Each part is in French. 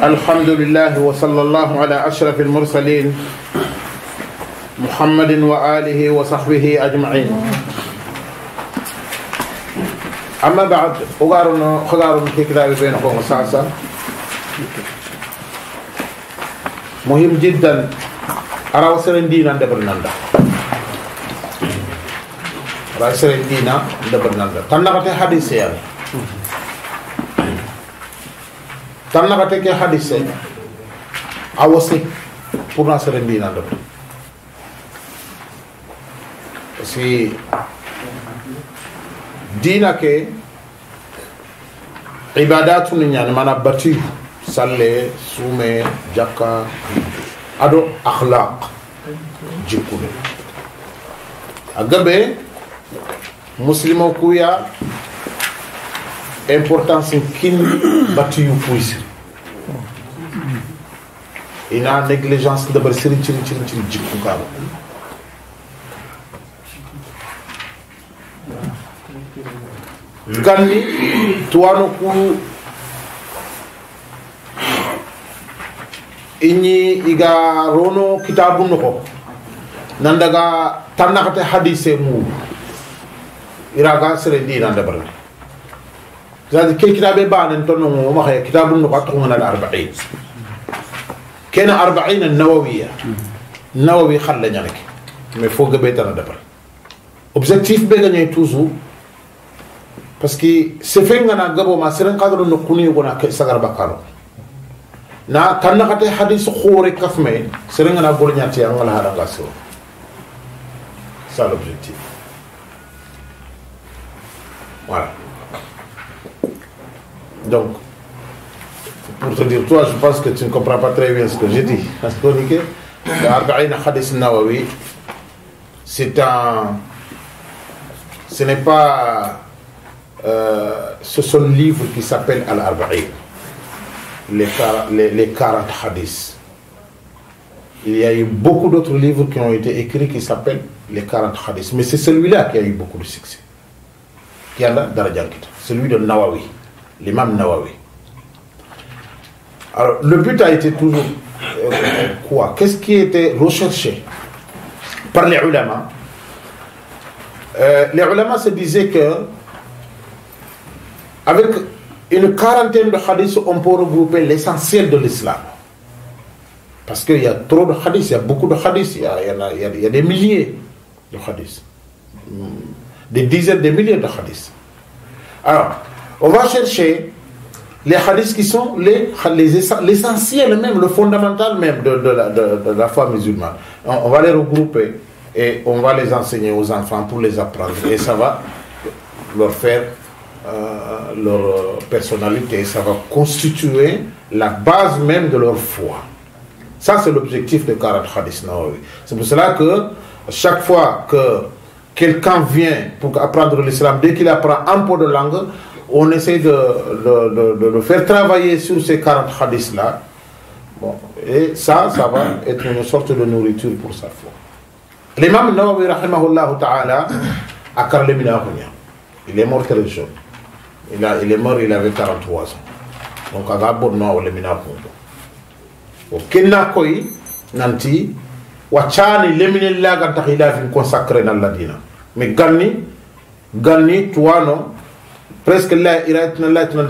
الحمد لله وصلى الله على أشرف المرسلين محمد وآله وصحبه أجمعين أما بعد أغارنا خدارنا في كتاب بينكم وسعسا مهم جدا أرى وسرين دينا دبرناندا أرى وسرين دينا دبرناندا تنقى حديث يعني Tannakate ke hadise a wasi pour na sere mbina ndoto parce que dina ke ibadatu ni mana bati salle sume jaka ado akhlaq jikun. a muslimo kuya importance kin batiyu puisi. ina négligence dabar sirin cirin cirin cirin jikku kaaba ganni tuwano ku iñi iga rono kitabu noko nandaga tannaxate hadise mu iraga serendi ina dabarna c'est à dire ke kitabe banen to nongo maxe kitabu noko a toxongana al arbain كان أربعين النووية النووي خلا نيانك مي فوق بيتنا دبر objectif be gagner toujours parce que se fenga na gabo ma seren kadro no kuni gona ke sagar bakaro na tanna kate hadis khore kafme seren na gor nyati angal hada kaso ça l'objectif voilà donc pour te dire, toi, je pense que tu ne comprends pas très bien ce que j'ai dit. Parce que le Hadith Nawawi, c'est un. Ce n'est pas. Euh, ce sont livres qui s'appellent Al-Arba'in, les, les, 40 hadiths. Il y a eu beaucoup d'autres livres qui ont été écrits qui s'appellent les 40 hadiths. Mais c'est celui-là qui a eu beaucoup de succès. Qui a Celui de Nawawi, l'imam Nawawi. Alors, le but a été toujours euh, quoi Qu'est-ce qui était recherché par les ulama euh, Les ulama se disaient que, avec une quarantaine de hadiths, on peut regrouper l'essentiel de l'islam. Parce qu'il y a trop de hadiths, il y a beaucoup de hadiths, il y a des milliers de hadiths, des dizaines de milliers de hadiths. Alors, on va chercher les hadiths qui sont l'essentiel les, même, le fondamental même de, de, la, foi musulmane. On, va les regrouper et on va les enseigner aux enfants pour les apprendre. Et ça va leur faire euh, leur personnalité, ça va constituer la base même de leur foi. Ça, c'est l'objectif de Karat hadiths. C'est pour cela que chaque fois que quelqu'un vient pour apprendre l'islam, dès qu'il apprend un peu de langue, on essaie de, de, de, le faire travailler sur ces 40 hadiths-là. Bon, et ça, ça va être une sorte de nourriture pour sa foi. L'imam Nawawi, rahimahullah ta'ala, a Karle Il est mort très jeune. Il, est mort, il avait 43 ans. Donc, à Gabon, au le Au Koi, Nanti, Wachani, Lemine Laga, il a consacré dans la Dina. Mais Gani, Gani, non presque la iratna la tna hein,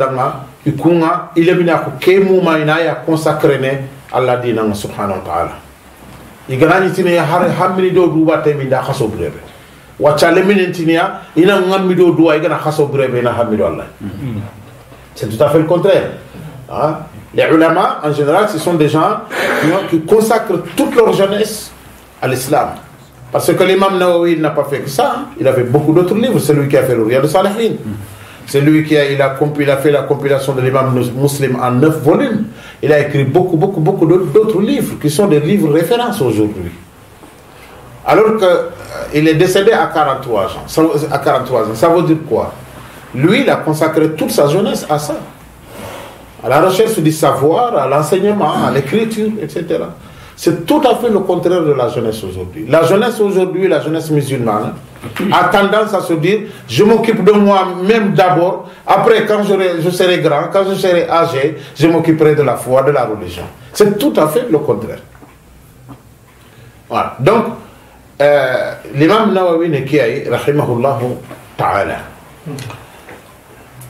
danga il ile mina ko kemu ma ina ya consacré ne alla dina subhanahu wa ta'ala iganani tine har hamini do duwa te min da khaso brebe wa le min tinia ina ngammi do duwa igana khaso brebe na hamido allah c'est tout à fait le contraire hein? les ulama en général ce sont des gens qui consacrent toute leur jeunesse à l'islam parce que l'imam Nawawi n'a pas fait que ça hein. il avait beaucoup d'autres livres c'est lui qui a fait le Riyad de Salihin c'est lui qui a, il a, il a fait la compilation de l'imam musulman en neuf volumes. Il a écrit beaucoup, beaucoup, beaucoup d'autres livres qui sont des livres références aujourd'hui. Alors qu'il euh, est décédé à ans. À 43 ans. Ça veut dire quoi Lui, il a consacré toute sa jeunesse à ça. À la recherche du savoir, à l'enseignement, à l'écriture, etc. C'est tout à fait le contraire de la jeunesse aujourd'hui. La jeunesse aujourd'hui, la jeunesse musulmane, a tendance à se dire je m'occupe de moi-même d'abord, après quand je, serai grand, quand je serai âgé, je m'occuperai de la foi, de la religion. C'est tout à fait le contraire. Voilà. Donc, euh, l'imam Nawawi Nekiai, Rahimahullah ta'ala,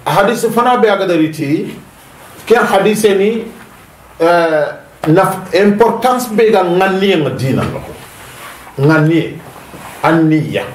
hadith fana be est un hadith ni euh, importance be ga ngani ngadina ngani, importance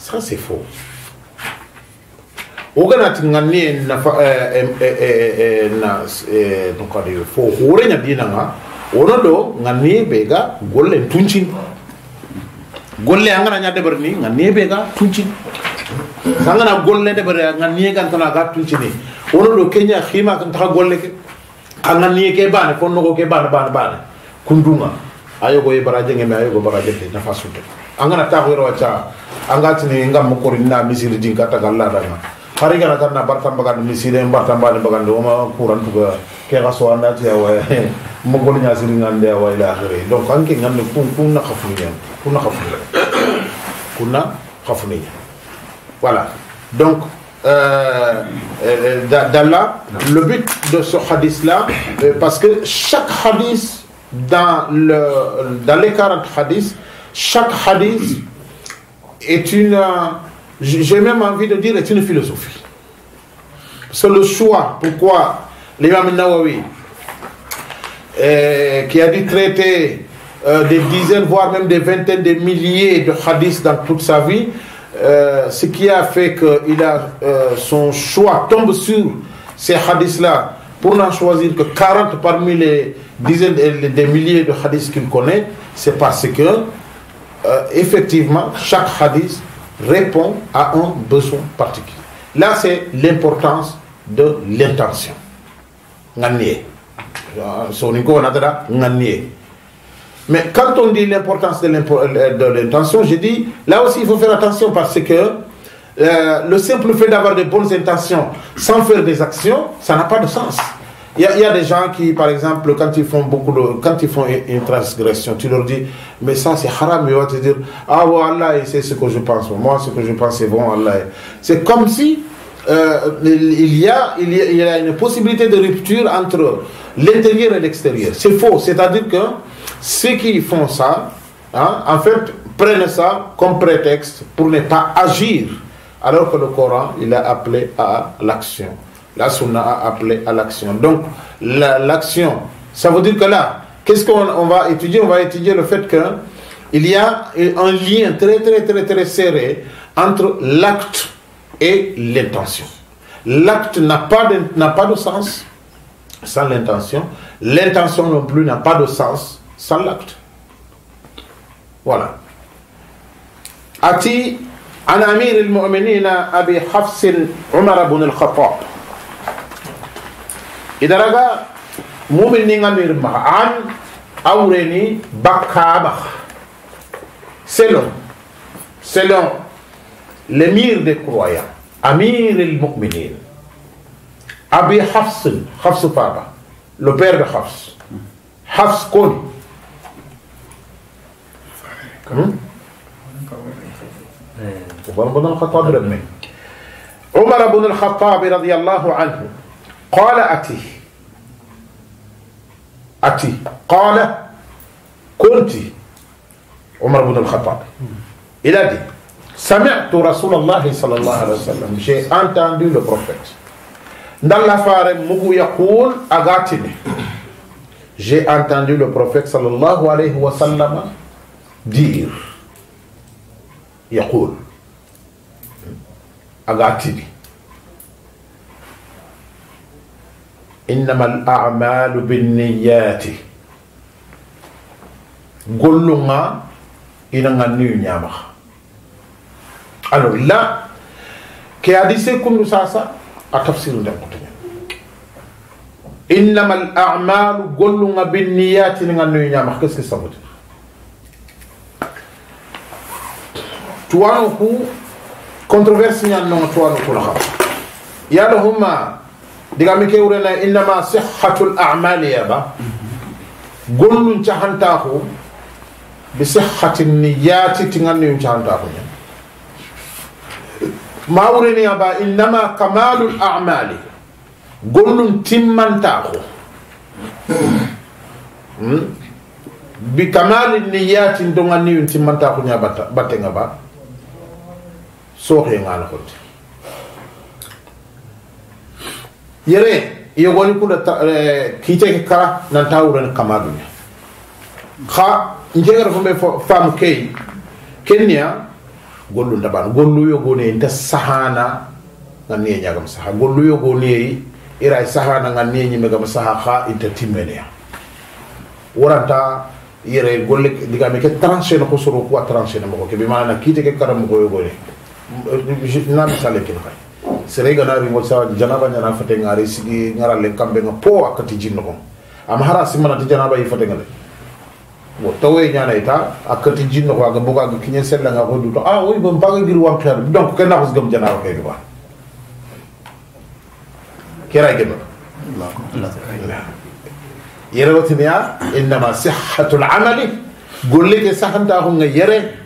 Ça, c'est faux. oganati ngani nafa nkadi fo horenya dinanga ono do ngani bega golle tuncin golle angana nya debar ni ngani bega tuncin sangana golle debar ngani kan tana ga tuncini ono do kenya khima kan ta golle ke ngani ke bana fon no ke bana bana bana kundunga ayo go ibaraje e ngeme ayo go baraje angana ta ro cha angatini nga mukori na misiri din kata galla da hari kana kana bartam bagan misiri en bartam bagan bagan do ma kuran tuga ke ga so anda ya wa mo gol nya siri ngande ya wa ila akhire donc anke ngande kun kun na khafuni ya kun na khafuni kun na ni voilà donc euh, euh, d'Allah, le but de ce hadith-là, euh, parce que chaque hadith, dans, le, dans les 40 hadiths, chaque hadith est une, euh, j'ai même envie de dire, est une philosophie. C'est le choix, pourquoi l'imam Nawawi, euh, qui a dû traiter euh, des dizaines, voire même des vingtaines de milliers de hadiths dans toute sa vie, ce qui a fait que il a, son choix tombe sur ces hadiths-là pour n'en choisir que 40 parmi les dizaines et des milliers de hadiths qu'il connaît, c'est parce que euh, effectivement, chaque hadith répond à un besoin particulier. Là, c'est l'importance de l'intention. Euh, Mais quand on dit l'importance euh, de l'intention, je dis, là aussi, il faut faire attention parce que le simple fait d'avoir de bonnes intentions sans faire des actions, ça n'a pas de sens. Il y, a des gens qui, par exemple, quand ils font beaucoup de, quand ils font une, transgression, tu leur dis, mais ça c'est haram, ils vont te dire, ah ouais, Allah, c'est ce que je pense. Moi, ce que je pense, c'est bon, Allah. C'est comme si euh, il, y a, il, a, une possibilité de rupture entre l'intérieur et l'extérieur. C'est faux. C'est-à-dire que ceux qui font ça, hein, en fait, prennent ça comme prétexte pour ne pas agir, alors que le Coran, il a appelé à l'action. La sunna a appelé à l'action. Donc, l'action, ça veut dire que là, qu'est-ce qu'on va étudier On va étudier le fait qu'il y a un lien très, très, très, très serré entre l'acte et l'intention. L'acte n'a pas, de, pas de sens sans l'intention. L'intention non plus n'a pas de sens sans l'acte. Voilà. Ati, an amir al-mu'minina Abi Hafsin Umar ibn al-Khattab. idaraga mumin ni ngamir ma an awreni bakaba selon selon l'émir des croyants amir al-mu'minin Abi Hafs Hafs Faba le père de Hafs Hafs connu عمر بن الخطاب رضي الله عنه قال أتي أتي قال كنت عمر بن الخطاب إلى دي سمعت رسول الله صلى الله عليه وسلم شيء أنت عندي البروفيت دل فار مغو يقول أغاتني جي أنتاندو البروفيت صلى الله عليه وسلم دير يقول أغاتني إنما الأعمال بالنيات قلنا إننا نيو نيامخ alors là ke hadise kundu sasa a tafsiru nden koto ñen innama al amalu golluga binniyati ne ganduyo ñama qu'est ce que ça veut dire tuwano ku controverse ñan noga tuwano kula xam yaɗo huma diga mi ke wurena innama sihhatul a'mali yaba gollun cahanta ko bi sihhatin niyyati tinganni cahanta ko ma wureni yaba innama kamalul a'mali gollun timmanta ko bi kamalin niyyati donganni timmanta ko nya batte ngaba so he ngana ko yere yogoni kuda kite kara nan tawuran kamadunya kha njegar fo be fam kay kenya gollu ndaban gollu yogoni nta sahana ngan ne nyagam saha gollu yogoni ira sahana ngan ne nyime gam saha kha inta timmene waranta yere golle diga me ke tranché no ko ko tranché no ko ke mana kite ke karam ko yogoni na misale kin kay sere ga ri mo sawa janaba nyana fate ngari sigi ngara le kambe nga po akati jinno ko am hara simana ti janaba yi fate ngale wo tawe nyana ita akati jinno ko aga ga kinyen sella nga hodu to ah oui bon baga gir wam kar donc ken nafas gam janaba kay ba kera ba yere inna ma sihhatul amali golle ke sahanta ko nga yere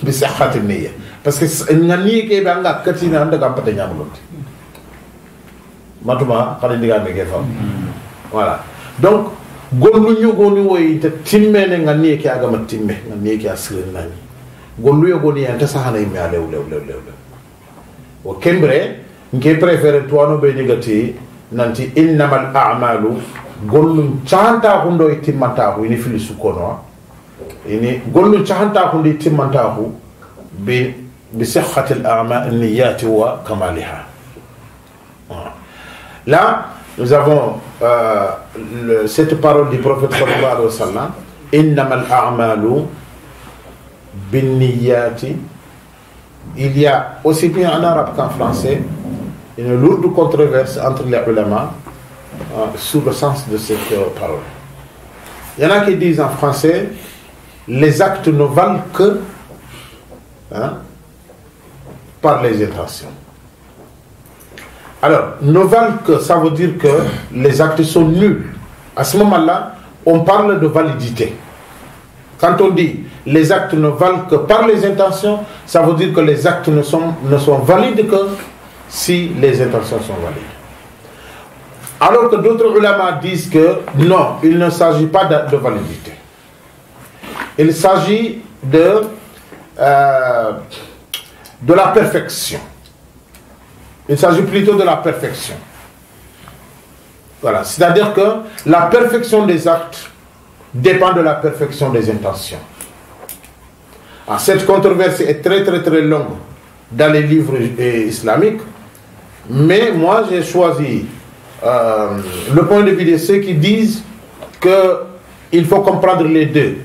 bi sihhatin niyyah parce que nganni ke be anga katina anda gam pate nyamulonte matuma xana ndiga me ke fam mm. voilà donc gollu ñugoni woyta timmene nganni ke agama timme nganni ke asirinani gollu yogoni yanta sahana yimme a lew lew lew lew wo kembre nke préféré tuwano be ñigati nanti innamal amalu gollu cahantaxundo i timmantaxu ini fili sukkonoa ini gollu cahantaxundi timmantaxu be Là, nous avons euh, cette parole du prophète sallallahu wa Il y a aussi bien en arabe qu'en français une lourde controverse entre les ulama euh, sous le sens de cette euh, parole. Il y en a qui disent en français les actes ne valent que hein, par les intentions. Alors, ne valent que ça veut dire que les actes sont nuls. À ce moment-là, on parle de validité. Quand on dit les actes ne valent que par les intentions, ça veut dire que les actes ne sont, ne sont valides que si les intentions sont valides. Alors que d'autres ulama disent que non, il ne s'agit pas de, validité. Il s'agit de... Euh, de la perfection. Il s'agit plutôt de la perfection. Voilà, c'est-à-dire que la perfection des actes dépend de la perfection des intentions. Ah, cette controverse est très très très longue dans les livres islamiques, mais moi j'ai choisi euh, le point de vue de ceux qui disent qu'il faut comprendre les deux.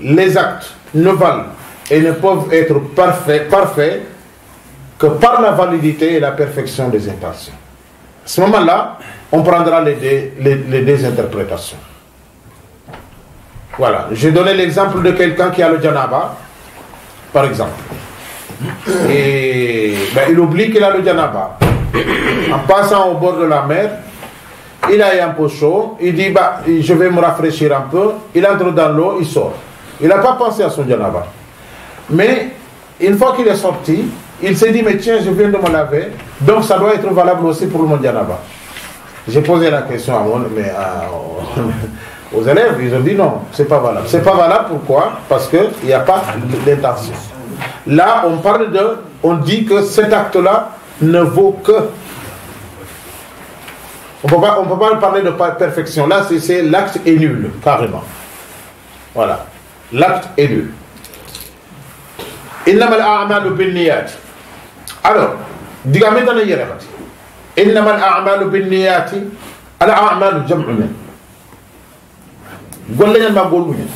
Les actes ne valent et ne peuvent être parfaits, que par la validité et la perfection des intentions. À ce moment-là, on prendra les deux, interprétations. Voilà, j'ai donné l'exemple de quelqu'un qui a le janaba, par exemple. Et ben, il oublie qu'il a le janaba. En passant au bord de la mer, il a un peu chaud, il dit bah, je vais me rafraîchir un peu, il entre dans l'eau, il sort. Il n'a pas pensé à son janaba. Mais une fois qu'il est sorti, il s'est dit, mais tiens, je viens de me laver, donc ça doit être valable aussi pour le a-bas. J'ai posé la question à aux élèves, ils ont dit non, c'est pas valable. C'est pas valable pourquoi Parce qu'il n'y a pas d'intention. Là, on parle de, on dit que cet acte-là ne vaut que. On ne peut pas parler de perfection. Là, c'est l'acte est nul, carrément. Voilà. L'acte est nul. إنما الأعمال بالنيات ألو دي قامتنا يرغت إنما الأعمال بالنيات الأعمال جمع من قول لنا ما قولوا نيات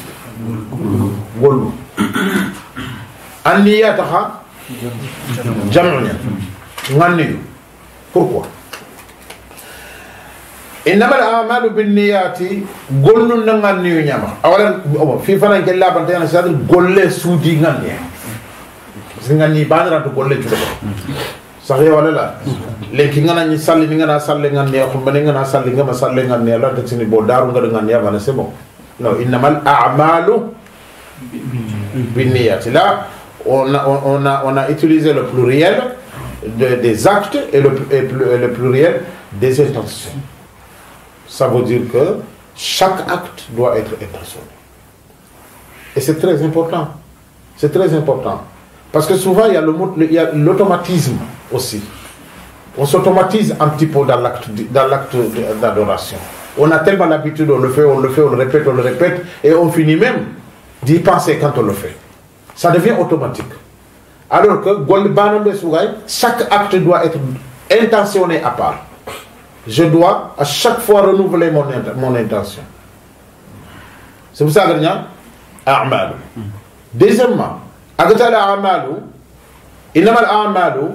قولوا النيات خا جمع نيات نغنيو كوكو إنما الأعمال بالنيات قولوا نغنيو نيات أولا في فنان كلابا تيانا سيادل قول لي سودي نغنيات zinganni badaratu golle cuɗoɓo sahe wala la lenki ganagni salli ni gana salle ganniya xumbane gana salli ngama salle ganniya lanta sini bo daru ngaɗa ganniya bana c'est bon no innama l amalu binniyat la on a, on, a, on a utilisé le pluriel de, des actes et le, et le pluriel des intentions ça veut dire que chaque acte doit être intentionné et c'est très important c'est très important parce que souvent, il y a l'automatisme aussi. On s'automatise un petit peu dans l'acte d'adoration. On a tellement l'habitude, on le fait, on le fait, on le répète, on le répète, et on finit même d'y penser quand on le fait. Ça devient automatique. Alors que chaque acte doit être intentionné à part. Je dois à chaque fois renouveler mon, intention. C'est pour ça, hein, Amal. Deuxièmement, amalu, الأعمال la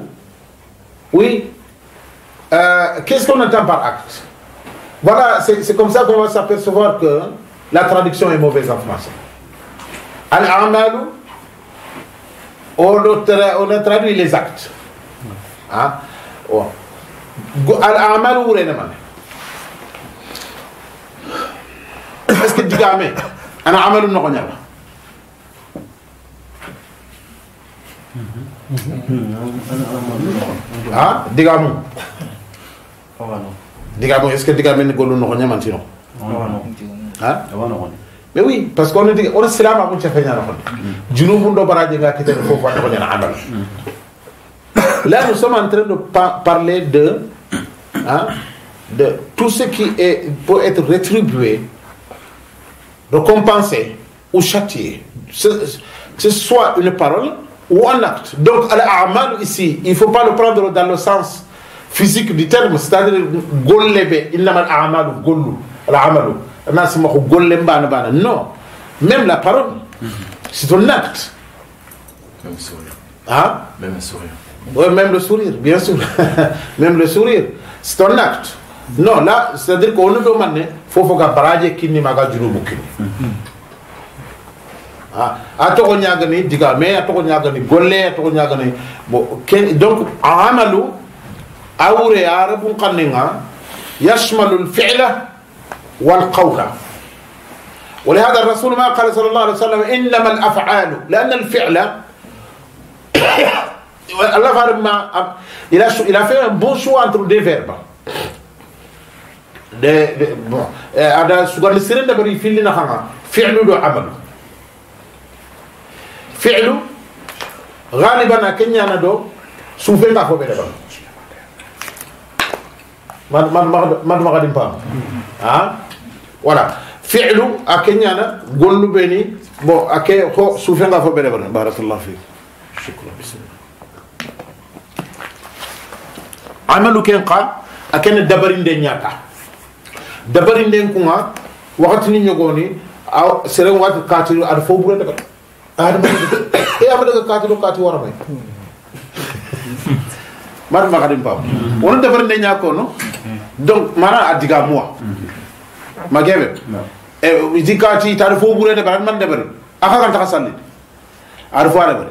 oui euh, qu'est-ce qu'on entend par acte voilà c'est comme ça qu'on va s'apercevoir que la traduction est mauvaise en français al amalu on, on a traduit les actes ah, oh. al amalu ou est-ce que tu as un amalu, ha non. digamum est ce que digamen gollu Ah? ñamantino ha mais oui parce qu'on que ono salam ono silama kun cafeña noxonde junubum do bara jega kitene fofu a noxoñana andal là nous sommes en train de parler de hein, de tout ce qui est, pour être rétribué, récompensé ou châtié. Que ce, ce soit une parole, ou un acte. Donc, al ici, il ne faut pas le prendre dans le sens physique du terme, c'est-à-dire gollebe, innama al-a'malu gollu, al Non, même la parole, mhm. c'est un acte. Même le sourire. Hein? Même le sourire. Oui, même le sourire, bien sûr. même le sourire, c'est un acte. Non, là, c'est-à-dire qu'on ne peut pas, il faut que barrage qui n'y maga a togo ñagani diga me a togo ñagani golle a togo ñagani bo ken donc a amalu a wure a rabun qanni nga yashmalu lfila walqawla ولهذا الرسول ما قال صلى الله عليه وسلم انما الافعال لان الفعل الله فارم ما الى الى آه، في بون شو انتر دي فيربا ده هذا سوغال سيرن دبري فيلنا خا فعل دو عمل فعلو غالبا كنيا ندو سوفين تا فوبي دابا ما ما ما غادي نفهم آه؟ ها فوالا فعلو اكنيا نا غولو بيني بو اكي خو سوفين تا فوبي دابا بارك الله فيك شكرا بسم الله عملو كينقا اكن دبرين دي نياتا دبرين دي كونغا وقت ني نيغوني او سيرو وقت كاتيو ادفو بوغو دابا adama e amadaga katino kati waramay marma kadim pam wono defar ne ñako no donc mana adiga moi ma gebe e dikati tar fo bure de ban man debar aka kan taka salli ar fo debar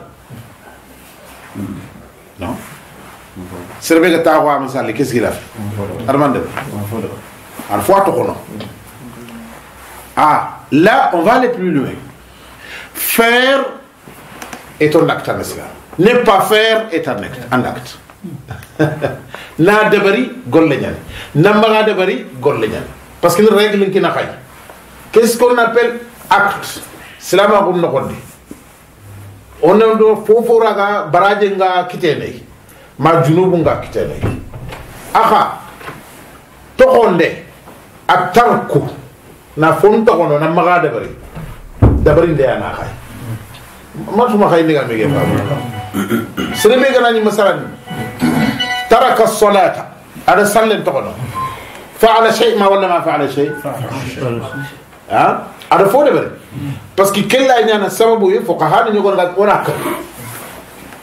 non serbe ga taxo am salli qu'est-ce qu'il a ar man debar ar fo to kono ah là on va aller plus loin Faire est un acte en islam. Ne pas faire est un acte. Un acte. na dabari golle ñani débari, dabari golle ñani parce que règle qui na pas. qu'est-ce qu'on appelle acte silama gum no gondi on do fofora ga baraje nga kitene ma à nga kitene aha to gonde atarku na fon to gono na maga dabari dabarinde ana xay matuma xay ndiga mege fa serebe gana ni masalan taraka salata ada sallen tokono faala shay ma wala ma faala shay ha ada fo debere parce que kella nyana sababu ye fuqaha ni nyogon gat ona ka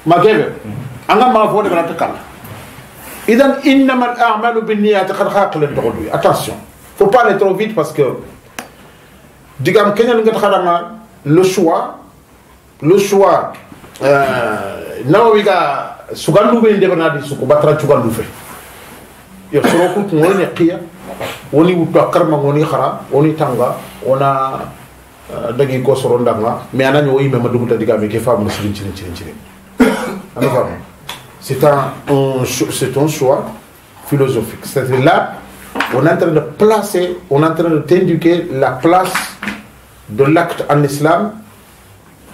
magebe anga ma fo debere ta kala idan innama al a'malu bin niyyat qad khaqlan tokono attention faut pas aller trop vite parce que digam kenyan ngat khadanga uh, le choix le choix euh nawi ga sugandu be ndeba di suku batra sugandu fe yo solo ko ko ne qiya woni wutto karma woni khara woni tanga ona uh, dagi ko soro ndanga me anani o yimbe madugo tadi ga me ke famu sirin cirin cirin cirin ana famu c'est un c'est un choix philosophique c'est là on est en train de placer, on est en train de t'indiquer la place de l'acte en islam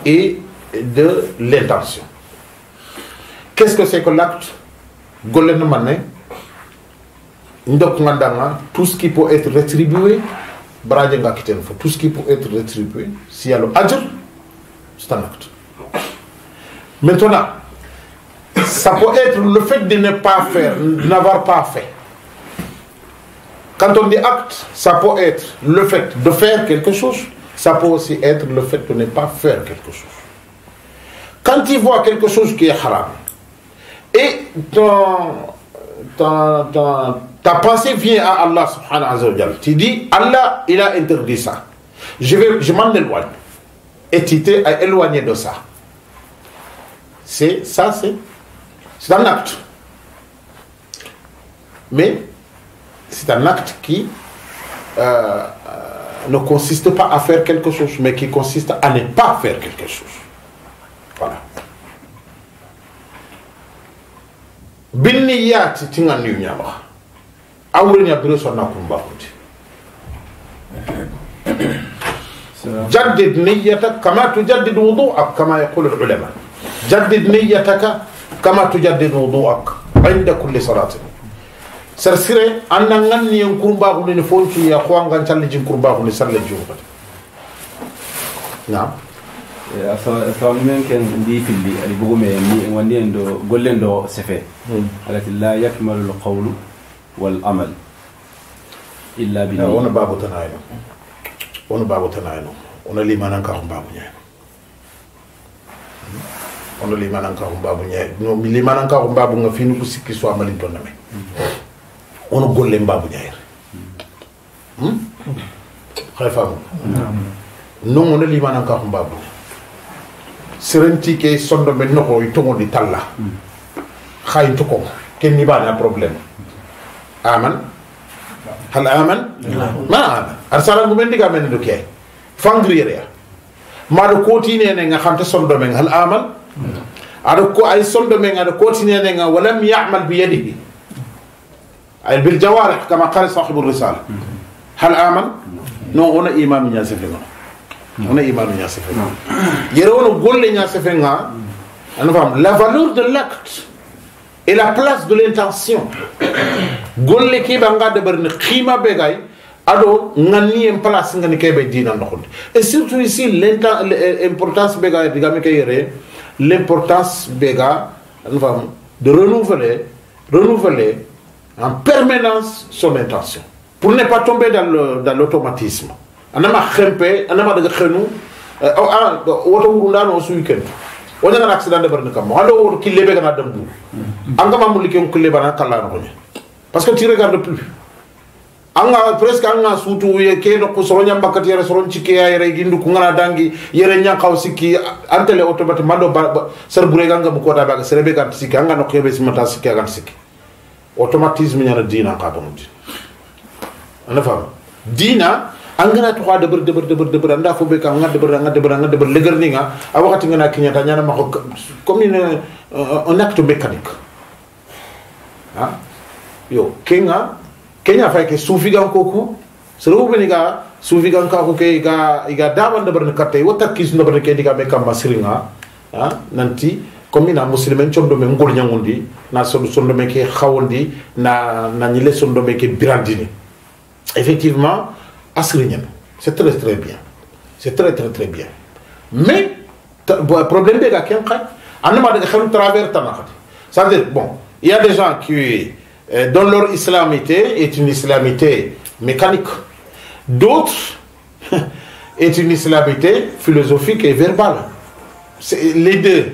et de l'intention. Qu'est-ce que c'est que l'acte Golenmane, tout ce qui peut être rétribué, tout ce qui peut être rétribué, si y a c'est un acte. Maintenant, ça peut être le fait de ne pas faire, de n'avoir pas fait. Quand on dit acte, ça peut être le fait de faire quelque chose, ça peut aussi être le fait de ne pas faire quelque chose. Quand tu vois quelque chose qui est haram, et ton, ta pensée vient à Allah subhanahu wa ta'ala, tu dis Allah, il a interdit ça. Je, je m'en éloigne. Et tu t'es éloigné de ça. C'est ça, c'est un acte. Mais c'est un acte qui euh, euh, ne consiste pas à faire quelque chose, mais qui consiste à ne pas faire quelque chose. Voilà. binni yaati tinga ni nyama awre nya biro sonna kumba kuti جدد نيتك كما تجدد وضوءك كما يقول العلماء جدد sar sire anna nganni en kurba ko ni fonci ya ko ngan challe jin kurba ko ni sarle juwa na ya so so men ken ndi filli bugo me ni en wandi en do gollen ɗo sefe alati la yakmalu al qawl wal amal illa bi wona babo tana eno wona babo tana eno wona limananka ko mbabo ñayno wona limananka ko babu ñay no li limananka ko babu nga fini ko sikki so amalin ton name wono golle mbaabu ñayre hay faamu non wona limanan ka ko mbaabu serenti ke sondo men noko y tongo di talla hay to ko ken ni bana problème aman hal aman ma aman arsara gumen diga men do ke fangriere ya maɗo kotinene nga xamte sondo men hal aman aɗa ko ay sondo men aɗa kotinene nga walam yamal bi yadihi أي بالجوارح كما قال صاحب الرسالة هل آمن؟ نو هنا إيمان ياسفنا هنا إيمان ياسفنا يرون قول ياسفنا أنا فهم لا valeur de l'acte et la place de l'intention golle ki banga de berne khima begay ado ngani en place ngani kebe dina ndokhund et surtout ici l'importance begay digame kayere l'importance bega nous de renouveler renouveler en permanence son intention. Pour ne pas tomber dans l'automatisme. Dans anama xempe a daga xenu euh, au ah, ah, wuru ndano weekend a accident de kam be parce que tu regardes plus anga presque anga sutu ye ke no ko yere ci ke gindu ko dangi bure ganga ko anga no automatisme ñana dina ka to di ana fam dina angana to xada ber debur debur deber anda fo be ka ngad debur ngad debur ngad deber leger ni nga a wakati ngana kinya ta ñana mako comme une un acte mécanique ha yo kenga kenya fa ke soufi gan koku so be ni ga soufi gan ka ko ke ga ga daban debur ne katte wata kis deber ke diga be kam basiringa ha nanti comme il a ina muslimen condome ngol ñangundi na sondome ke hawondi na na le domaine ke birandini effectivement asri c'est très très bien c'est très très très bien mais problème qu'il y ken xay m'a daga xenu travers tana xati c'est à dire bon il y a des gens qui euh, dans leur islamité est une islamité mécanique d'autres est une islamité philosophique et verbale les deux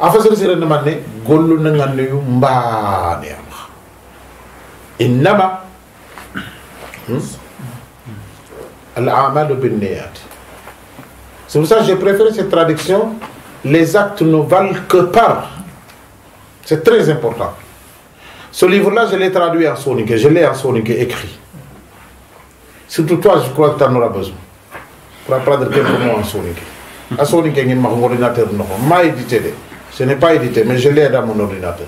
Hmm? al c'est pour ça que j'ai préféré cette traduction les actes ne valent que par c'est très important ce livre-là, je l'ai traduit en sonique, je l'ai en sonique écrit. Surtout toi, je crois que tu en auras besoin. Pour apprendre quelques mots en sonique. En sonique, il y a un ordinateur, non, ce n'est pas édité mais je l'ai dans mon ordinateur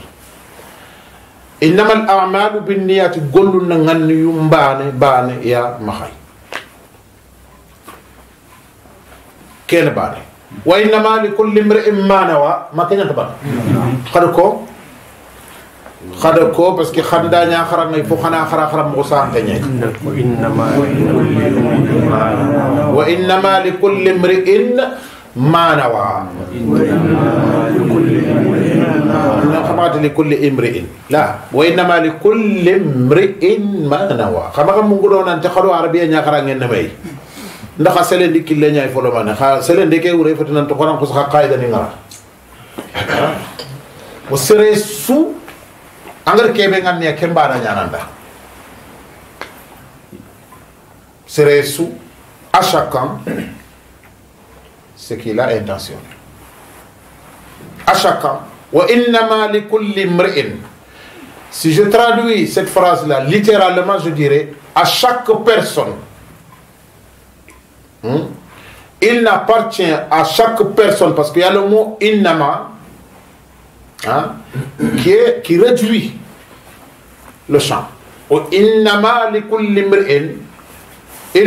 innama al amalu binniyati gollu na ganni yu mbaane baane ya mahay kene baane wa innama li kulli imri'in ma nawa ma keñata ban xada ko xada ko parce que xanda ña xara ngay fo xana xara xara mo sa ngeñe wa innama li kulli imri'in ma nawa خمات لكل امرئ لا وانما لكل امرئ ما نوى خما خم غدو نان تخلو عربيه نيا خران ген نباي ndaxa selen di kille ñay folo mane xa selen de ke wure fatinan to koran ko sa qaida ni ngara o sere su angar kebe ngan ne kemba na ñananda sere su à chacun ce qu'il a intentionné à chacun Si je traduis cette phrase-là, littéralement, je dirais à chaque personne. Hmm, il n'appartient à chaque personne, parce qu'il y a le mot innama hein, qui, est, qui réduit le champ. il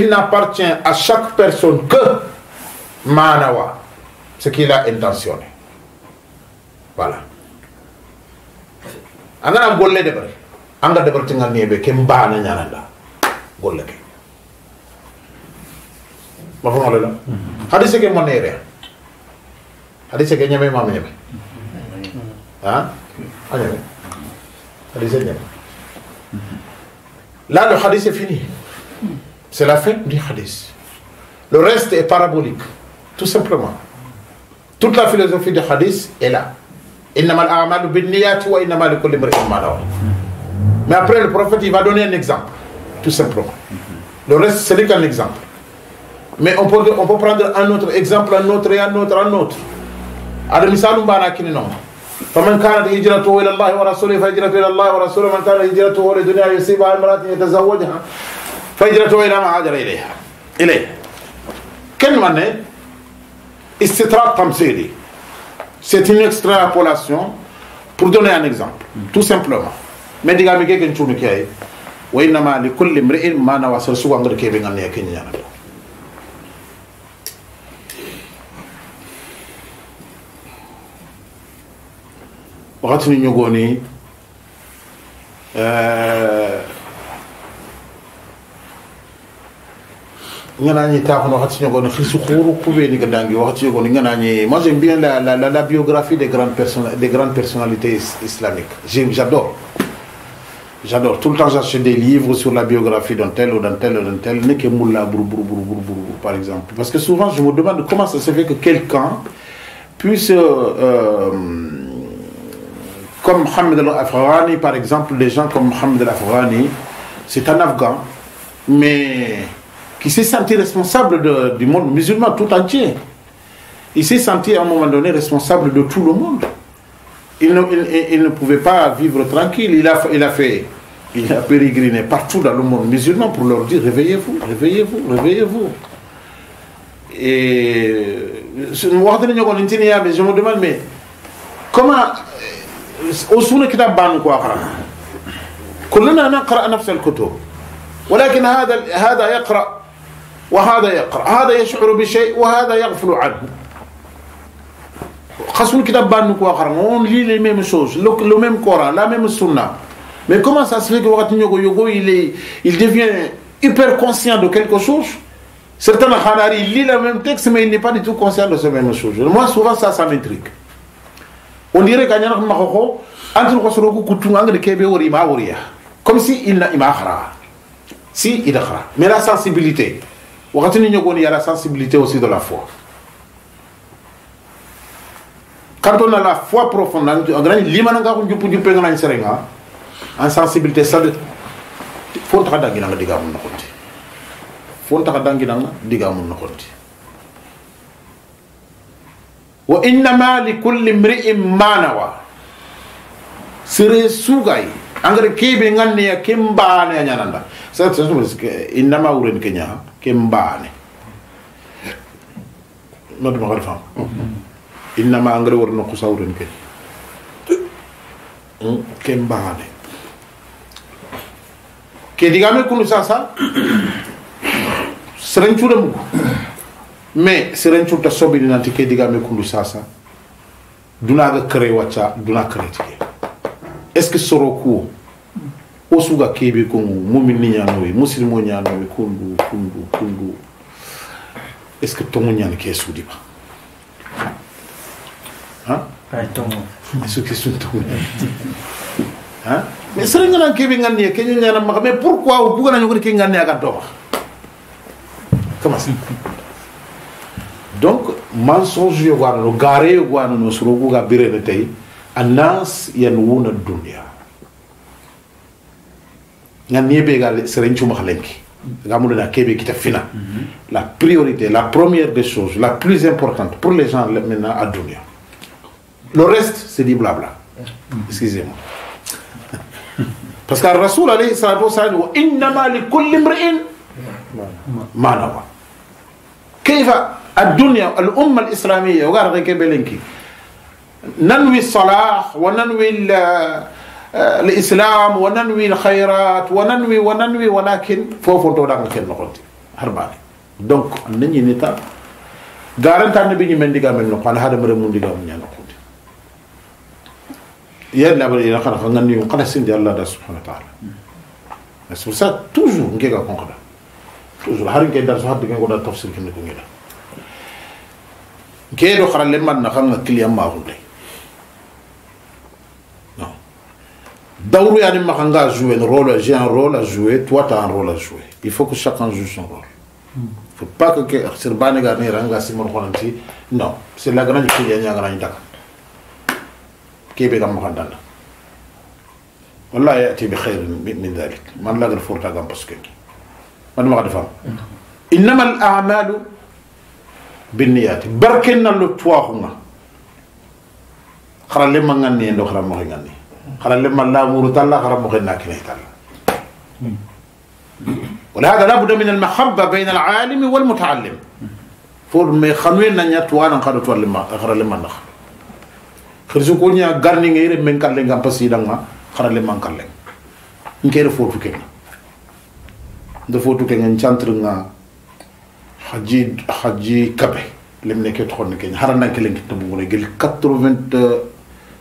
n'appartient à chaque personne que manawa, ce qu'il a intentionné voilà on golle deɓar anga deɓartingal niyeɓe ke mbana ñananda golle ke ma Hadith mm-hmm. hadise ke monere Hadith ke ñeme mama ñeme a a ñeme hadise ñeme là le hadith est fini mm-hmm. c'est la fin du hadith le reste est parabolique tout simplement toute la philosophie du hadith est là إنما الأعمال بالنيات وإنما لكل امرئ ما نوى. Mais après, le prophète, il va donner un exemple, tout simplement. Le reste, ce n'est qu'un exemple. Mais on peut, on peut prendre un autre exemple, un autre et un autre, un autre. misal on هذا مثال بانا كنينو فمن كانت هجرته الى الله ورسوله فهجرته الى الله ورسوله من كانت هجرته لدنيا يصيبها امراه يتزوجها فهجرته الى ما هاجر اليها اليه كلمه استطراد تمثيلي C'est une extrapolation pour donner un exemple, tout simplement. Mais diga mi keken chunu kay way nama li kulli il ma nawasa suwa ngar kebe ngal ne kenya wakati ni nyogoni eh, moi j'aime bien la, biographie des grandes, personnes des grandes personnalités islamiques j'adore j'adore tout le temps j'achète des livres sur la biographie d'un tel ou d'un tel ou d'un tel que par exemple parce que souvent je me demande comment ça se fait que quelqu'un puisse euh, euh, comme Mohamed al par exemple des gens comme Mohamed Al-Afghani c'est un Afghan mais il s'est senti responsable du monde musulman tout entier. Il s'est senti à un moment donné responsable de tout le monde. Il ne, pouvait pas vivre tranquille. Il a, il a fait, il a pérégriné partout dans le monde musulman pour leur dire réveillez-vous, réveillez-vous, réveillez-vous. Et je me demande, mais comment. وهذا يقرأ هذا يشعر بشيء وهذا يغفل عنه خصو الكتاب بانك واخر اون لي لي ميم شوز لو لو ميم قران لا ميم سنه مي كومون سا سفي كو وقت نيوكو يوغو يلي يل ديفين هيبر كونسيان دو كيلكو شوز سيرتان خاناري لي لا ميم تيكس مي ني با دي تو كونسيان دو سو ميم شوز مو سوفا سا سا ميتريك اون ديري كان ناخ مخوخو انتو خسرو كو كوتو نغ دي كيبي وري ما وريا كوم سي الا ايما خرا سي ايدا مي لا سانسيبيليتي wakatini ñogoni yara sensibilité aussi de la foi quand on a la foi profonde angana limananga ko juppu juppe ngana serenga en sensibilité sal fon taxa danginanga diga mun noxonti fon taxa danginanga diga mun noxonti wa ma li kulli mri'in ma nawa sere sugay angare kebe nganne ya kembaane ya nyananda sa sa innama wuren kenya kembane nod ma fam mm-hmm. inna ma ngre wor no ko sawren ke mm, kembane ke digame kunu sasa seren cuuɗa mugu mais seren cuurta soɓini nanti ke digame kundu sasa dunaga kere wacca duna kere tike est ce que soro osu ga kebe kungu mumini ñanowe musilimo ñanowe kundu kundu kundu est ha? que tongu ñani ke suudiba suke sun tongu mais sere ñanan kebe nganniye keño ñana maxa mais pourquoi o bugana ñogoni ke nganni aga domax commence donc mensonge yo gwanano gare yo gwanano soroguga birene tay annas yanwuna dunia nganiebe ga serenchu makhlenki gamulena kebe kita fina mhm. la priorité la première des choses la plus importante pour les gens maintenant à dunia le reste c'est du blabla mhm. excusez-moi parce que rasul alayhi salatu wasalam wa innama li kulli imri'in ma nawa kayfa الدنيا الأمة الإسلامية وغير كيبلينكي ننوي الصلاح وننوي الاسلام وننوي الخيرات وننوي وننوي ولكن فوفو تو دان كن نخوتي هرباني دونك نني نتا غارنتا نبي من ديغا من نخو انا هذا مرمون ديغا من نخوتي يلا بري لا خنا خنا نيو قنا سين الله دا سبحانه وتعالى بس ça toujours ngega konkada toujours harin ke dar so hadde ngego da tafsir kin ko ngeda kedo xara le man na xam nga client ma ko Daourou Yann Makanga a joué un rôle, j'ai un rôle à jouer, toi tu as un rôle à jouer. Il faut que chacun joue son rôle. Il ne faut pas que Sirbane Gane Ranga Simon Kwananti. Non, c'est la grande fille de Yann Daka. Québec à Makandana. والله ياتي بخير من ذلك ما نلاقي الفورتا كان باسكيك ما ما غادي فهم انما الاعمال بالنيات بركنا لو تواخنا خرا لما غني لو خرا ما غني خلال لما نابور تلا خرب مخنا كنه تلا ولهذا لابد من المحبة بين العالم والمتعلم فور مي خنوين نانيا توانا خرا توانا لما خرا لما نخ خرزو كونيا غارني غير من كان لين باسي دما خرا لما كان لين نكير فور فكين ده فور فكين نشانتر chantre حجي حجي كبه لم lemne ke كين هرنا كلين كتبونه قل ke tabu ngol 80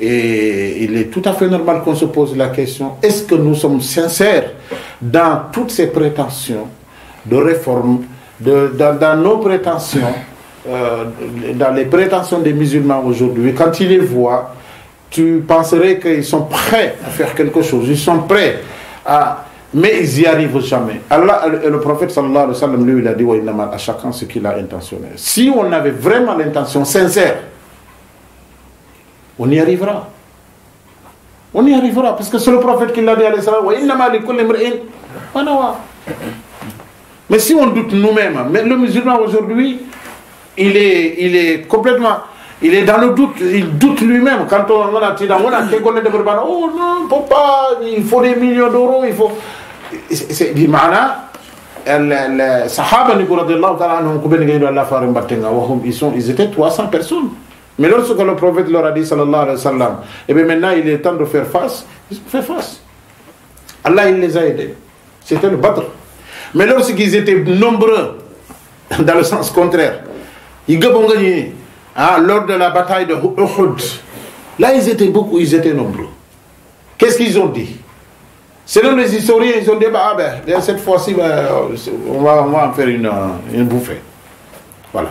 Et il est tout à fait normal qu'on se pose la question, est-ce que nous sommes sincères dans toutes ces prétentions de réforme, dans, nos prétentions, euh, dans les prétentions des musulmans aujourd'hui Quand ils les voient, tu penserais qu'ils sont prêts à faire quelque chose, ils sont prêts à... Mais ils n'y arrivent jamais. Allah, le prophète lui, il a dit à chacun ce qu'il a intentionné. Si on avait vraiment l'intention sincère, on y arrivera. On y arrivera, parce que c'est le prophète qui l'a dit à Mais si on doute nous-mêmes, hein, le musulman aujourd'hui, il est, il est complètement. Il est dans le doute, il doute lui-même. Quand on, a dit, on a de oh non, papa, il faut des millions d'euros, il faut. C'est Sahaba, hum, ils étaient 300 personnes. Mais lorsque le prophète leur a dit, sallallahu alayhi wa sallam, et eh bien maintenant il est temps de faire face, ils ont fait face. Allah, il les a aidés. C'était le battre. Mais lorsqu'ils étaient nombreux, dans le sens contraire, ils ont gagné hein, lors de la bataille de Uhud. Là, ils étaient beaucoup, ils étaient nombreux. Qu'est-ce qu'ils ont dit Selon les historiens, ils ont dit, bah, ah ben, cette fois-ci, ben, on, va, en faire une, euh, une bouffée. Voilà.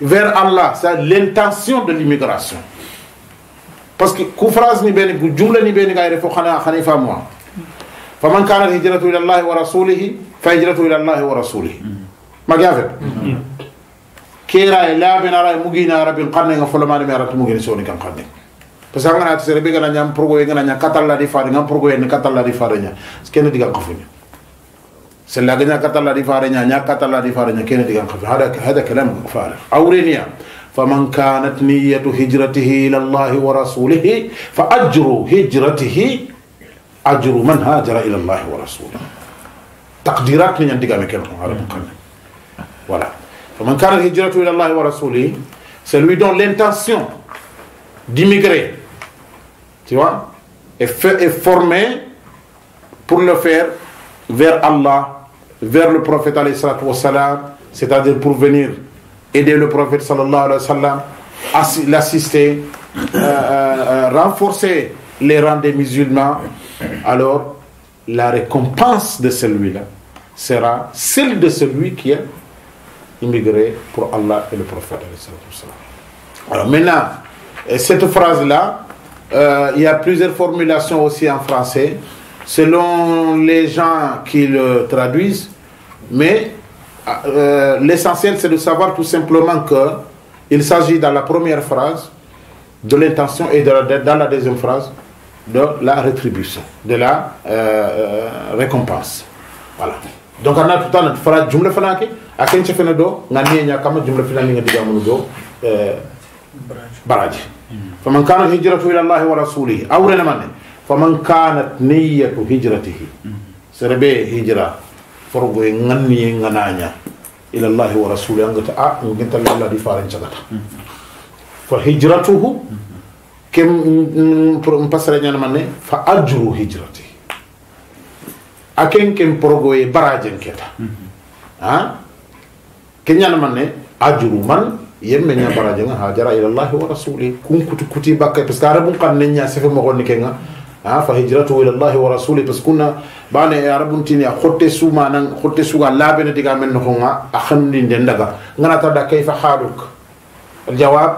vers Allah c'est l'intention de l'immigration parce que ku phrase ni beni ku jumla ni beni gayre fo xana xani fa mo faman kanat hijratu ila Allah wa rasulih fa hijratu ila Allah wa rasulih maga fet kera ila ben ara mugina rabbil qanne nga folomani me arat mugina soni kan qanne parce que ngana tsere be gana nyam progo ngana nyam katalla di fa ngam progo en katalla di fa nya skene diga ko funya سلاغ نيا كتلا دي فارنيا نيا كتلا دي فارنيا كين دي هذا هذا كلام فارغ اورينيا فمن كانت نية هجرته إلى الله ورسوله فأجر هجرته أجر من هاجر إلى الله ورسوله تقديرات من يندقى مكان على مقنن voilà فمن كانت هجرته إلى الله ورسوله celui dont l'intention d'immigrer tu vois est, fait, est formée pour le faire vers Allah vers le prophète c'est-à-dire pour venir aider le prophète l'assister, euh, euh, euh, renforcer les rangs des musulmans, alors la récompense de celui-là sera celle de celui qui est immigré pour Allah et le prophète. Alors maintenant, cette phrase-là, il y a plusieurs formulations aussi en français selon les gens qui le traduisent, mais euh, l'essentiel c'est de savoir tout simplement que il s'agit dans la première phrase de l'intention et de la, dans la deuxième phrase de la rétribution, de la euh, euh, récompense. Voilà. Donc on a tout le temps notre phrase fanaki, do, ngani kama do wa faman kanat niyyatu hijratihi serbe hijra forgo ngani ngananya ila allah wa rasuli angata a ngintalle allah di faran cagata fa hijratuhu kem pasare nyana manne fa ajru hijrati aken kem porgo e barajen keta ha ken nyana manne ajru man yemme ña barajen nga hajara ila allah wa rasuli kun kutu kuti bakkay parce que arabun kan kenga ha fa hijratuhu ila allahi wa rasuli parce kunna bana ya rabbun tin ya khotte su manan khotte su ga labene diga men no nga akhamni den daga ngana ta da kayfa haluk al jawab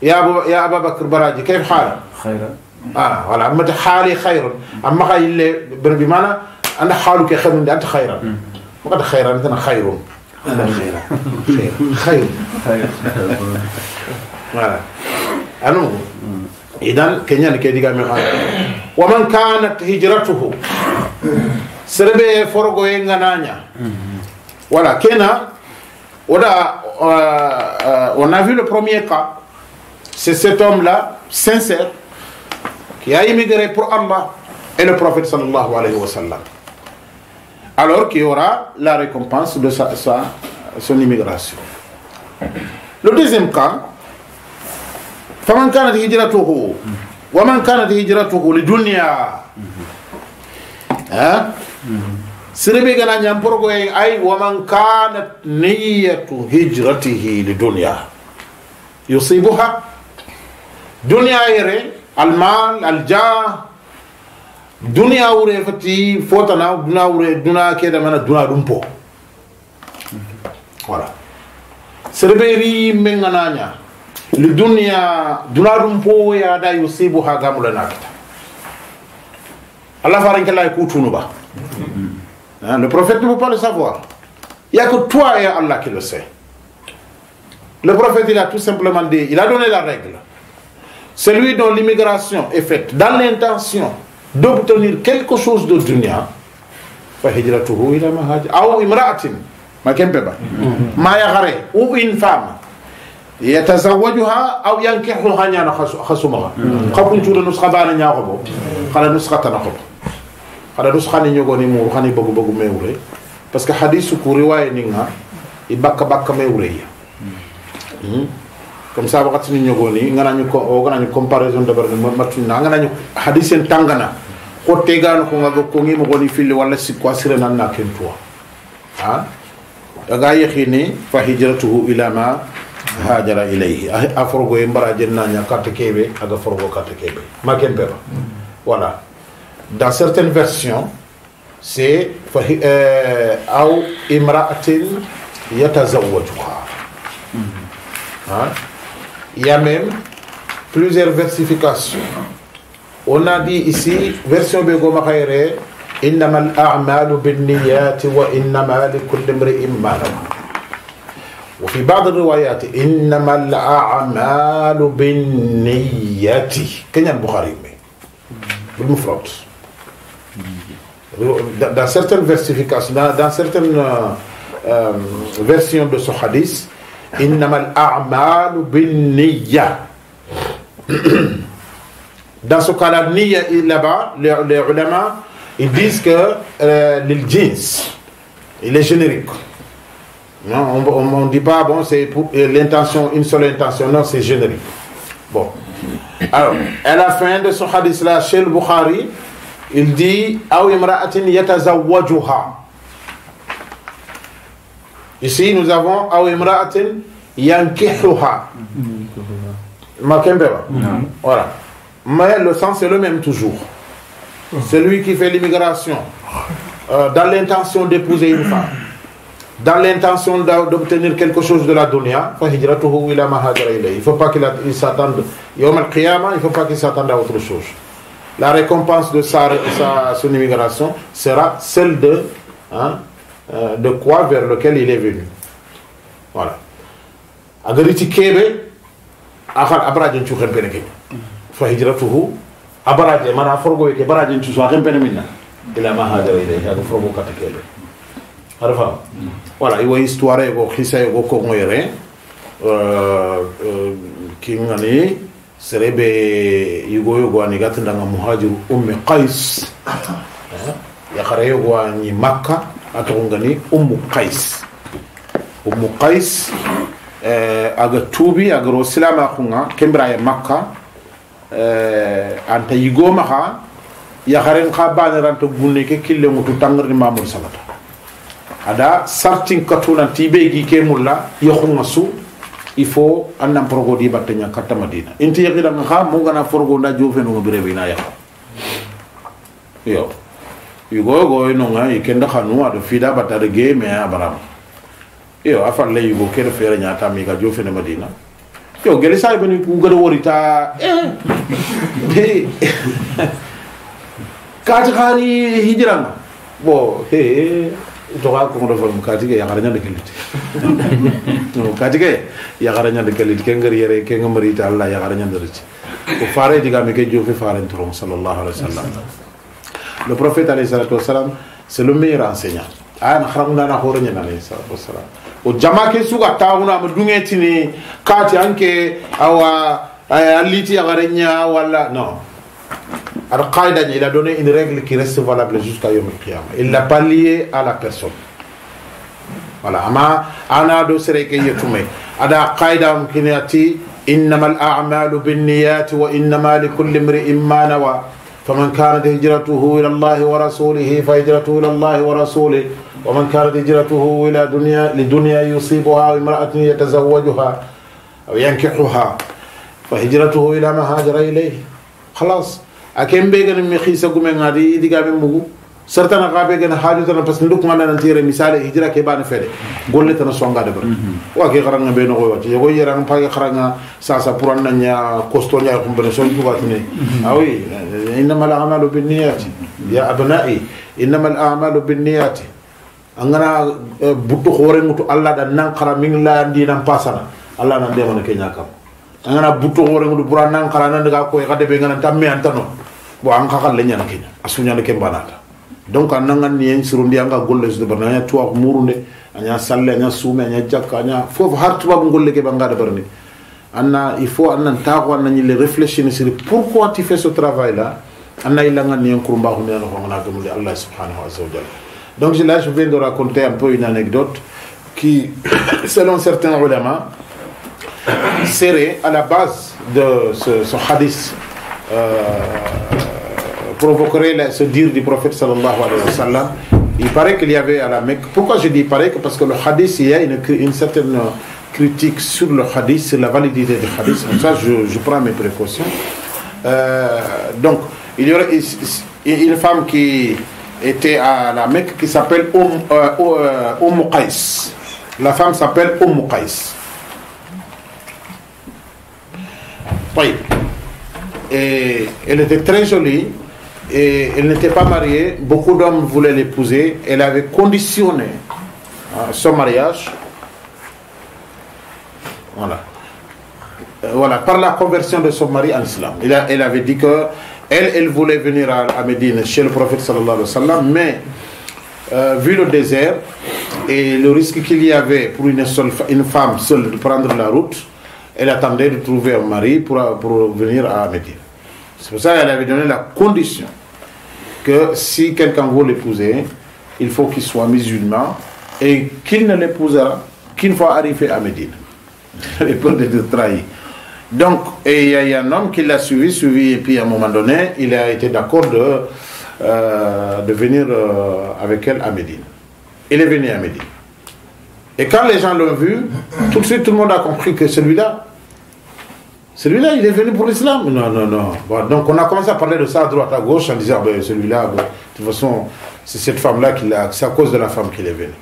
ya abu ya abu bakr baraji kayf halak khairan اه ولا اما حالي خير اما خايل بمعنى انا حالك خير من انت خيرا وقد خيرا مثلا خير انا خيرا خير خير خير انا idan kenyani ke diga min ala waman kanat hijratuhu serbe forgo e ngananya voilà kena oda euh, on a vu le premier cas c'est cet homme là sincère qui a immigré pour Allah et le prophète sallallahu alayhi wa sallam alors qu'il y aura la récompense de sa, sa, son immigration le deuxième cas فمن كانت هجرته ومن كانت هجرته لدنيا ها سربي غنا نيام بروغو اي ومن كانت نية هجرته لدنيا يصيبها دنيا يري المال الجاه دنيا وري فتي فوتنا دنيا وري دنيا كده من دنيا دومبو فوالا سربي ري مغنا نيام Le duna dum po ya da yusibu ha gamula na kita Allah faran kala ku ba mm-hmm. ah, le prophète ne peut pas le savoir il y a que toi et Allah qui le sait le prophète il a tout simplement dit il a donné la règle celui dont l'immigration est faite dans l'intention d'obtenir quelque chose de dunya فهجرته ila mahaj aw imra'atin ma ما ba mm-hmm. ma ما ou une femme يتزوجها أو ينكحها نيانا خسومها قبل جود نسخة بانا نياغبو خلا نسخة تنقبو خلا نسخة نيغوني مورو خاني بغو بغو ميوري بس كحديث كوري واي نيغا يبكا بكا ميوري comme ça wakati ni ñogoni ngana ñu ko ngana ñu comparaison de bar mo matu na ngana ñu hadisen tangana ko tegan ko ngago ko ngi mo goni fili wala si ko sire nan na ken tuwa ha daga yakhini fa hijratuhu ila ma هاجر إليه أفرغ إمبرا جنانيا كاتكيبي أغا فرغو ما كان بيبا voilà dans certaines versions c'est أو امرأة يتزوجها ها يا y a même plusieurs versifications on a dit ici version بيغو مخيري إنما الأعمال بالنيات وإنما لكل امرئ ما نوى وفي بعض الروايات إنما الأعمال بالنية كان البخاري بالمفرد dans certaines versifications dans, dans certaines euh, versions de ce hadith إنما الأعمال بالنية dans ce cas la نيه là-bas les, les ulama ils disent que euh, le jeans il est générique Non, on ne dit pas, bon, c'est l'intention, une seule intention. Non, c'est générique. Bon. Alors, à la fin de ce hadith-là, chez le Bukhari, il dit Aw Ici, nous avons Aw Voilà. Mais le sens c'est le même toujours. Celui qui fait l'immigration, euh, dans l'intention d'épouser une femme dans l'intention d'obtenir quelque chose de la dunya, il ne faut pas qu'il s'attende, il faut pas qu'il s'attende à autre chose. La récompense de sa, sa, son immigration sera celle de, hein, euh, de quoi vers lequel il est venu. Voilà. Agariti kebe, akhal abrajin tu rempene kebe. Fa hijratuhu, abrajin, mana forgo eke, barajin tu soa rempene minna. Ila mahajara ilayhi, agariti kebe. aɗa fam voilà iwa histoire yego xisa yego kongoyere kingani serebe yigo yogo ani gatindanga mohajir ummi qais yakhare yogo ani makka atogongani ummu qais ummu qais aga tuubi agaro silama kunga kembiraya makka anta yigo maxa yakharen xa baneranta gunne ke kille ŋutu tangirni mamoudou salata ada sartin katunantiɓe gi ke mulla yoxunga ya masu il faut annan di battenya kata madina inti yakiɗanga xa na forogonda jofenugo bireɓe ina yaqa yo yugoyogoyo nonga i kenda xanu aɗo fida battade ge game ya, barama yo a falle yugo kere fere ñata mi ka jofene madina yo gele sa beni kugada worita e kati xaari hijiranga bon toxa kongodo fo katike yaxara ñande kelit katike yaxara nya kelit ke ngar yere ke nga allah alla nya ñande rit ko fare me ke jofi fare toron sallallahu alaihi wasallam le prophète alayhi salatu wasalam c'est le meilleur enseignant aya na xaramngana na alayhi salatu wasalam o oh, jama ke suga taxuna ma dungetini kaati anke awa eh, aliti yaxare ña wala non Alors Qaïdan, il a donné une règle qui reste valable jusqu'à Yom Qiyam. Il l'a pas liée à la personne. Voilà. Ama anado sereke yetume. Ada Qaïda mkinati إنما الأعمال بالنيات وإنما لكل امرئ ما نوى فمن كانت هجرته إلى الله ورسوله فهجرته إلى الله ورسوله ومن كانت هجرته إلى دنيا لدنيا يصيبها امرأة يتزوجها أو ينكحها فهجرته إلى ما هاجر إليه خلاص اكن بيغن مي خيسا غومن غادي يدي غامي مو سرتنا غابي غن حاجو تنا بس ندوك ما نان تيري مثال هجرة كي بان فدي غول تنا سونغا دبر واكي خران بينو غوي واتي يغوي يران باغي خران ساسا بران نانيا كوستو نيا كوم بن سون بواتني اوي انما الاعمال بالنيات يا ابنائي انما الاعمال بالنيات انغنا angana buttu الله دا نان خرا مين لا دينا pasana الله نان demana keña نياكام angana buto gore ngudu buran nan kala nan daga ko gade be ngana tamme antano bo an ka kala nyana kinya asunya ne ken banata donc an nan ni en suru ndi anga golle su barna ya tuwa murunde anya salle anya sume anya jakka anya fof hartu babu golle ke banga da barne anna il faut anna ta ko anna le réfléchir sur pourquoi tu fais ce travail là anna ila ngan ni en kurumba ko ngana ko ngana Allah subhanahu wa ta'ala donc là je viens de raconter un peu une anecdote qui selon certains ulama serré à la base de ce, ce hadith euh, provoquerait ce dire du prophète sallallahu alayhi wa sallam. Il paraît qu'il y avait à la Mecque. Pourquoi je dis paraît Parce que le hadith, il y a une, certaine critique sur le hadith, sur la validité du hadith. Comme ça, je, prends mes précautions. Euh, donc, il y aurait une femme qui était à la Mecque qui s'appelle Oum, euh, La femme s'appelle Oum et eh, elle était très jolie et eh, elle n'était pas mariée. Beaucoup d'hommes voulaient l'épouser. Elle avait conditionné hein, son mariage. Voilà. Euh, voilà, par la conversion de son mari en islam. Elle, avait dit que elle, elle voulait venir à, Médine chez le prophète sallallahu alayhi wa sallam, mais euh, vu le désert et le risque qu'il y avait pour une, une femme seule de prendre la route, elle attendait de trouver un mari pour, venir à Médine. C'est pour ça qu'elle avait donné la condition que si quelqu'un veut l'épouser, il faut qu'il soit musulman et qu'il ne l'épousera qu'une fois arrivé à Médine. Elle avait peur d'être trahi. Donc, il y, a un homme qui l'a suivi, suivi, et puis à un moment donné, il a été d'accord de, euh, de, venir euh, avec elle à Médine. Il est venu à Médine. Et quand les gens l'ont vu, tout de suite, tout le monde a compris que celui-là, celui-là, il est venu pour l'islam. Non, non, non. donc on a commencé à parler de ça à droite, à gauche, en disant, ben, celui-là, ben, de toute façon, c'est cette femme-là qui l'a, c'est à cause de la femme qu'il est venu.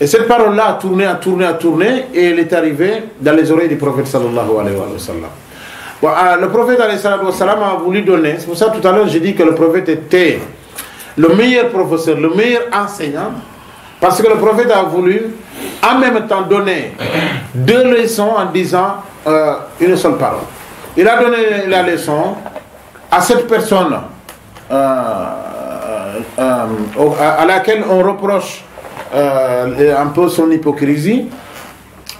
Et cette parole-là a tourné, a tourné, a tourné, et elle est arrivée dans les oreilles du prophète sallallahu alayhi wa sallam. Euh, le prophète alayhi wa sallam a voulu donner, c'est pour ça tout à l'heure j'ai dit que le prophète était le meilleur professeur, le meilleur enseignant, parce que le prophète a voulu en même temps donner deux leçons en disant une euh, seule parole. Il a donné la leçon à cette personne euh, euh, à laquelle on reproche un peu son hypocrisie.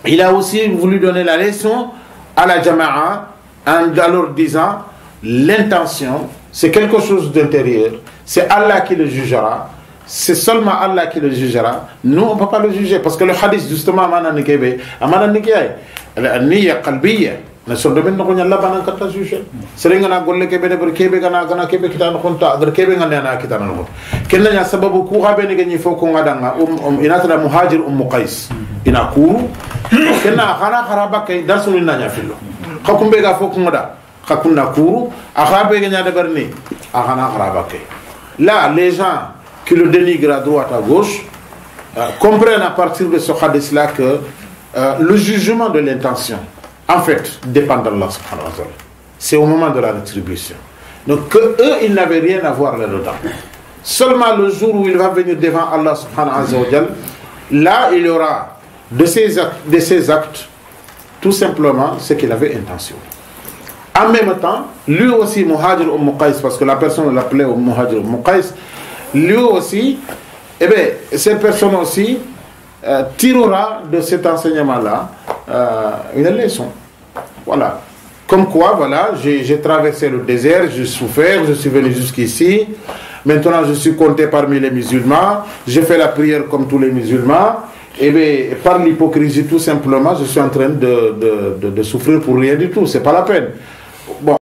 Il a aussi voulu donner la leçon à la Jama'a en leur disant l'intention, c'est quelque chose d'intérieur, c'est Allah qui le jugera, c'est seulement Allah qui le jugera. Nous, on ne peut pas le juger parce que le hadith, justement, النية قلبية نسول من نقول الله بنا كتا سرنا نقول لك بنا بر كيبي كنا كنا كيبي كتا نقول تا أقدر كيبي كنا أنا كتا نقول كنا يا سبب كوها بين كني فوق عندنا أم أم إن هذا مهاجر أم قيس إن أكورو كنا خنا خرابة كي درس من نجا فيلو خكم بيجا فوق عندنا خكم نكورو أخاب بيجا نجا برني أخنا خرابة كي لا les gens qui le dénigrent à droite à gauche euh, comprennent à partir de ce cas de que Euh, le jugement de l'intention, en fait, dépend d'Allah subhanahu C'est au moment de la rétribution. Donc, que eux, ils n'avaient rien à voir là-dedans. Seulement le jour où il va venir devant Allah subhanahu wa ta'ala, là, il y aura de ses actes, de ses actes tout simplement ce qu'il avait intention. En même temps, lui aussi, Muhajir ou umm Muqais, parce que la personne l'appelait Muhajir ou umm Muqais, lui aussi, eh bien, cette personne aussi, euh, tirera de cet enseignement-là euh, une leçon. Voilà. Comme quoi, voilà, j'ai traversé le désert, j'ai souffert, je suis venu jusqu'ici. Maintenant, je suis compté parmi les musulmans. J'ai fait la prière comme tous les musulmans. Et eh par l'hypocrisie, tout simplement, je suis en train de, souffrir pour rien du tout. Ce n'est pas la peine.